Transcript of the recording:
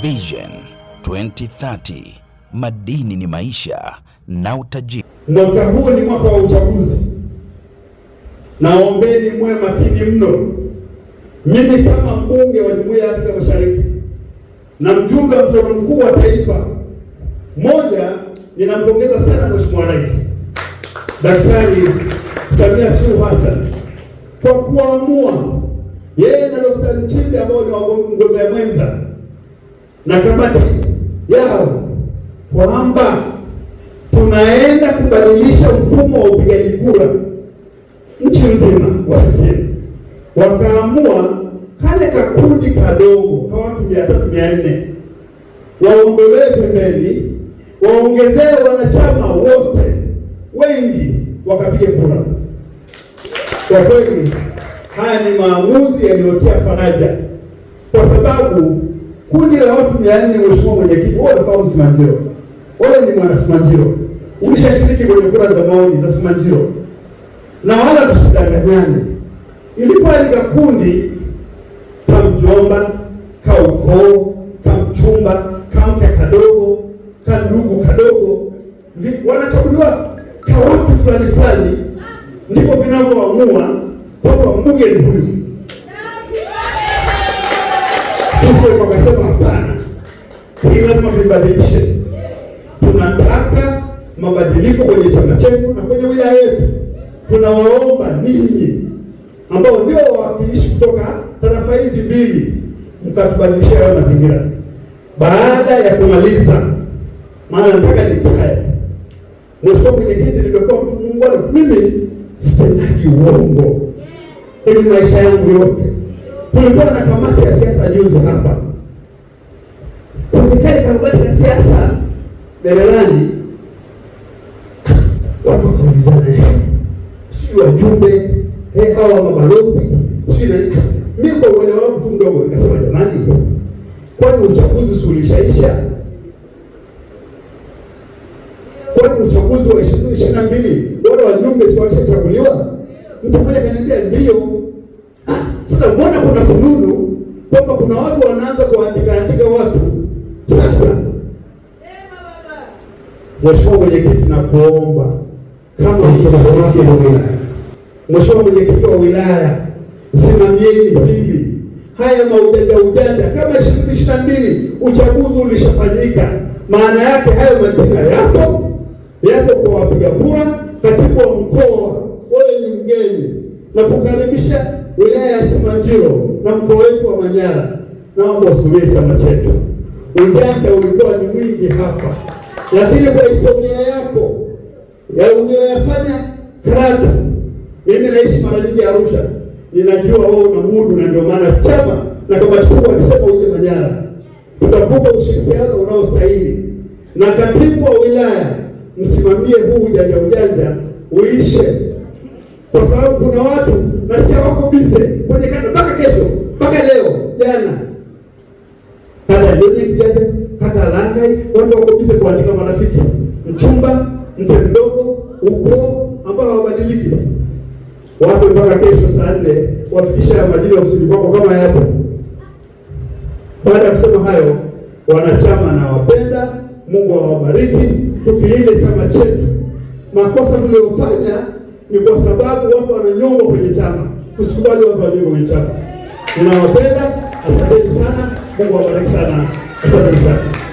Vision 2030 madini ni maisha na utajiri. mwaka huo ni mwaka wa uchaguzi, naombeni mwe makini mno. Mimi kama mbunge wa Jumuiya ya Afrika Mashariki na mjumbe wa mkutano mkuu wa taifa, moja, ninampongeza sana Mheshimiwa Rais Daktari Samia Suluhu Hassan kwa kuamua yeye na Dr. Nchimbi ambao ni wagombea mwenza na kamati yao kwamba tunaenda kubadilisha mfumo wa upigaji kura nchi nzima. Wa CCM wakaamua kale kakundi kadogo kwa watu mia tatu mia nne waondolewe pembeni, waongezee wanachama wote wengi wakapige kura. Kwa kweli haya ni maamuzi yaliyotia faraja, kwa sababu kundi la watu mia nne, mheshimiwa mwenyekiti, wewe unafahamu Simanjiro, wewe ni mwana Simanjiro, ulishashiriki kwenye kura za maoni za Simanjiro na wala tusidanganyane. alika kundi kamjomba, kaukoo, kamchumba, kamka kadogo, kandugu kadogo, wanachaguliwa ka watu fulani fulani, ndipo vinavyoamua kwamba mbunge ni huyu sisi wakasema hapana, hii lazima tubadilishe. Tunataka mabadiliko kwenye chama chetu na kwenye wilaya yetu. Tunawaomba ninyi ambao ndio wawakilishi kutoka tarafa hizi mbili, mkatubadilishia hayo mazingira baada ya kumaliza, maana nataka nikae. Mheshimiwa Mwenyekiti, nimekuwa mtu mungu mimi sitendagi uongo ili maisha yangu yote Tulikuwa na kamati ya siasa juzi hapa, wamekaa kamati ya siasa Mererani, watu wakaulizana, sijui wajumbe wa mabalozi, sijui mimi, kwa uelewa wangu tu mdogo, nikasema jamani, kwani uchaguzi si ulishaisha? Kwani uchaguzi wa ishirini ishirini na mbili wale wajumbe si walishachaguliwa? Mtu mmoja kaniambia ndio sasa mbona kuna fununu kwamba kuna watu wanaanza kuandika andika watu. Sasa sema baba, mheshimiwa mwenyekiti, nakuomba kama sisi wa wilaya, mheshimiwa mwenyekiti wa wilaya, simamieni hili haya maujanja ujanja. Kama ishirini ishirini na mbili uchaguzi ulishafanyika, maana yake hayo majina yapo yapo kwa wapiga kura. Katibu wa mkoa, wewe ni mgeni, kukaribisha wilaya ya Simanjiro na mkoa wetu wa Manyara, naomba wasimamie chama chetu. Ujanja ulikuwa ni mwingi hapa, lakini kwa historia yako ya uliyoyafanya Karatu, mimi naishi mara nyingi Arusha, ninajua wewe una mudu, na ndio maana chama na kamati kubwa alisema uje Manyara, tutakupa ushirikiano unaostahili na katibu wa wilaya, msimamie huu ujanja ujanja uishe kwa sababu kuna watu nasikia wako bize kwenye kata mpaka kesho mpaka leo jana, kata Jojimjaja, kata Langai, watu wako bize kuandika marafiki, mchumba, mke mdogo, ukoo ambao hawabadiliki. Wape mpaka kesho saa nne wafikisha ya majili ya ofisini kwako kama yapo. Baada ya kusema hayo, wanachama nawapenda, Mungu awabariki, tukilinde chama chetu. Makosa mliofanya ni kwa sababu watu wamenyongwa kwenye chama. Usikubali watu wanyongwe kwenye chama. Tunawapenda, asanteni sana. Mungu awabariki sana, asanteni sana.